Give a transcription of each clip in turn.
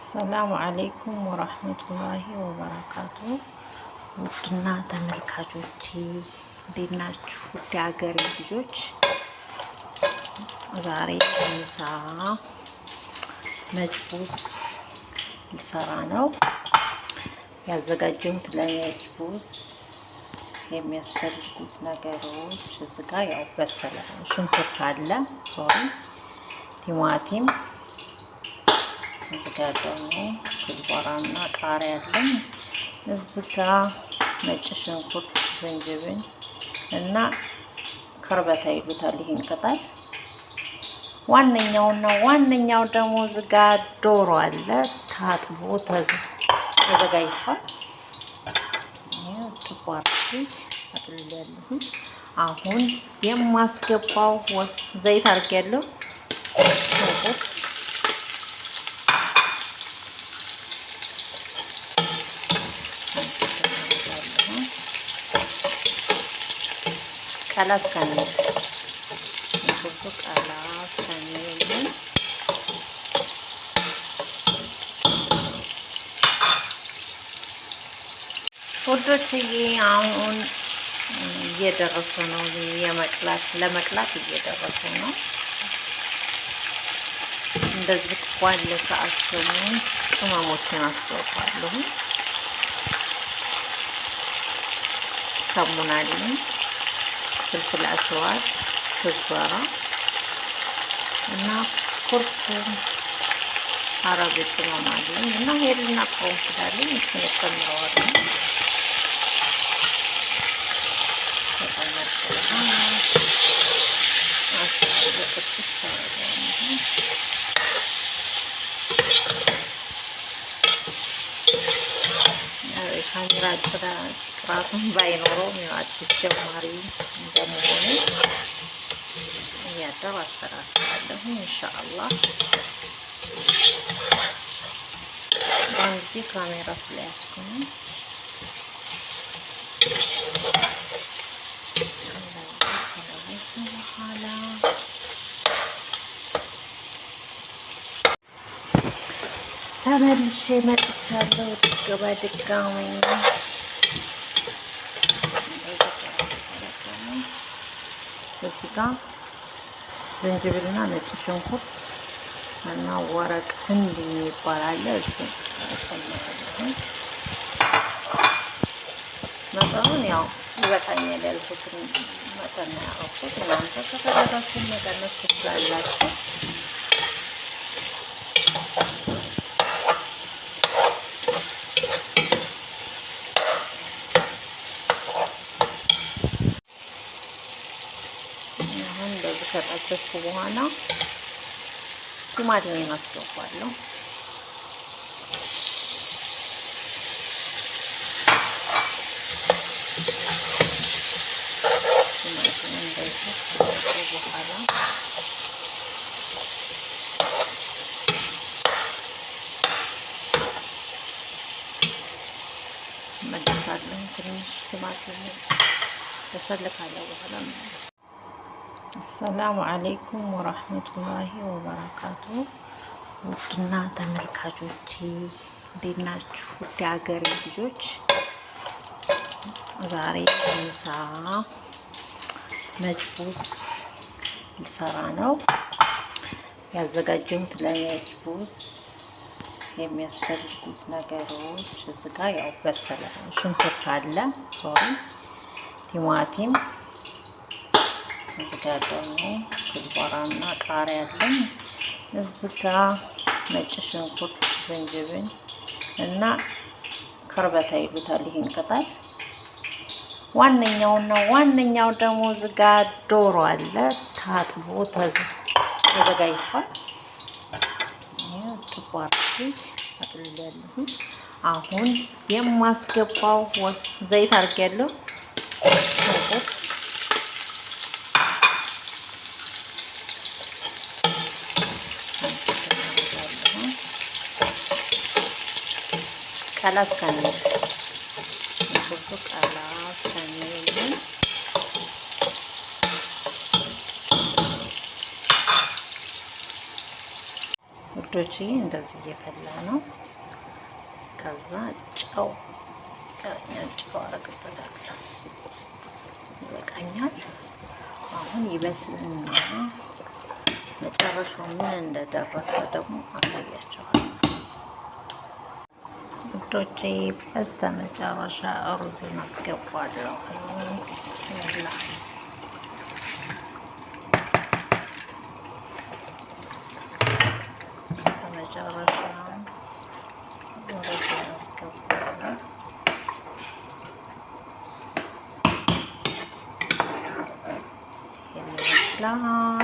አሰላሙ አሌይኩም ወራህመቱላሂ ወበረካቱ። ውድና ተመልካቾቼ እንዴት ናችሁ? ውድ ሀገሬ ልጆች ዛሬ ምሳ መጅቡስ ልሰራ ነው። ያዘጋጀሁት ለመጅቡስ የሚያስፈልጉት ነገሮች እዚህ ጋ ያው በሰለ ሽንኩርት አለ፣ ሶሪ ቲማቲም እዚህ ጋር ደግሞ ዝንጀራና ቃሪያ አለኝ። እዚህ ጋር ነጭ ሽንኩርት፣ ዝንጅብል እና ከርበታ ይሉታል ይሄን ቅጠል። ዋነኛውና ዋነኛው ደግሞ እዚህ ጋር ዶሮ አለ ታጥቦ ተዘጋጅቷል። ጥቧር አሁን የማስገባው ዘይት አድርጌያለሁ ሽንኩርት kalas kami bubuk kalas kami ውዶችዬ አሁን እየደረሱ ነው። የመቅላት ለመቅላት እየደረሱ ነው። እንደዚህ ባለ ሰዓት ደግሞ ቅመሞችን አስተዋውቃለሁ። ሰሙናልኝ ፍልፍል አስዋድ ክዝበራ እና ኩርኩም አረብ ቅመም አለኝ እና ሄድና ቆንኩዳለኝ እሱን ጨምረዋለሁ። ራሱን ባይኖረው አትቸው ማሪ እንደመሆኑ እያደር አስተካክላለሁ። ኢንሻአላህ በአንድ ካሜራ ስለያዝኩኝ ተመልሼ መጥቻለሁ። ድገባ ድጋሚ እዚህ ጋ ዝንጅብልና ነጭ ሽንኩርት እና ወረቅ ስንዴ ይባላል። እሱ መጠኑን ያው ይበቃኛል ያልኩትን መጠን ነው እናንተ ከፈለጋችሁ መቀነስ ትችላላችሁ። ከጠበስኩ በኋላ ቲማቲሜን አስገባለሁ። መልሳለን ትንሽ ቲማቲም ተሰልካለሁ በኋላ አሰላሙ አሌይኩም ወራህመቱላሂ ወበረካቱ። ውድና ተመልካቾች እንዴት ናችሁ? ውድ ሀገሬ ልጆች ዛሬ ምሳ መጅቡስ ልሰራ ነው። ያዘጋጀሁት ለመጅቡስ የሚያስፈልጉት ነገሮች እዚህ ጋ ያው በሰለ ሽንኩርት አለ፣ ሶሪ ቲማቲም እዚህ ጋር ደግሞ ክዝበራና ቃሪያ አለኝ። እዚህ ነጭ ሽንኩርት፣ ዝንጅብን እና ከርበታ ይሉታል ይህን ቅጠል። ዋነኛውና ዋነኛው ደግሞ እዚህ ዶሮ አለ ታጥቦ ተዘጋጅቷል። ጥቧር አጥልል ያለሁ አሁን የማስገባው ዘይት አድርጌያለሁ ሽንኩርት कालाच कांदा बघतो कालाच कांदा ውዶች እንደዚህ እየፈላ ነው። ከዛ ጨው ጨው አረግበታለሁ። ይበቃኛል። አሁን ይበስልና መጨረሻው ምን እንደደረሰ ደግሞ አሳያችኋለሁ። ውዶቼ በስተ መጨረሻ ሩዝን አስገባለሁ። ብስሚላ በስተ መጨረሻ ሩዝን አስገባለሁ። ይመስላል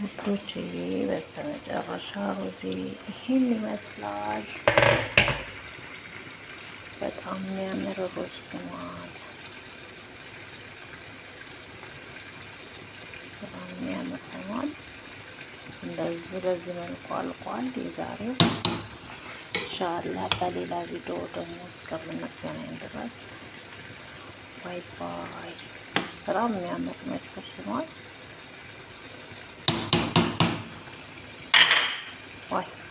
ውዶች በስተመጨረሻ ሮዜ ይህን ይመስላል። በጣም የሚያምር ሮዝ ሆኗል። በጣም የሚያምር ሆኗል። እንደዚህ በዚህ መልኩ አልቋል የዛሬው። ኢንሻላህ በሌላ ቪዲዮ ደግሞ እስከምንገናኝ ድረስ ባይ ባይ። በጣም የሚያምር መጭ ሆኗል። Why?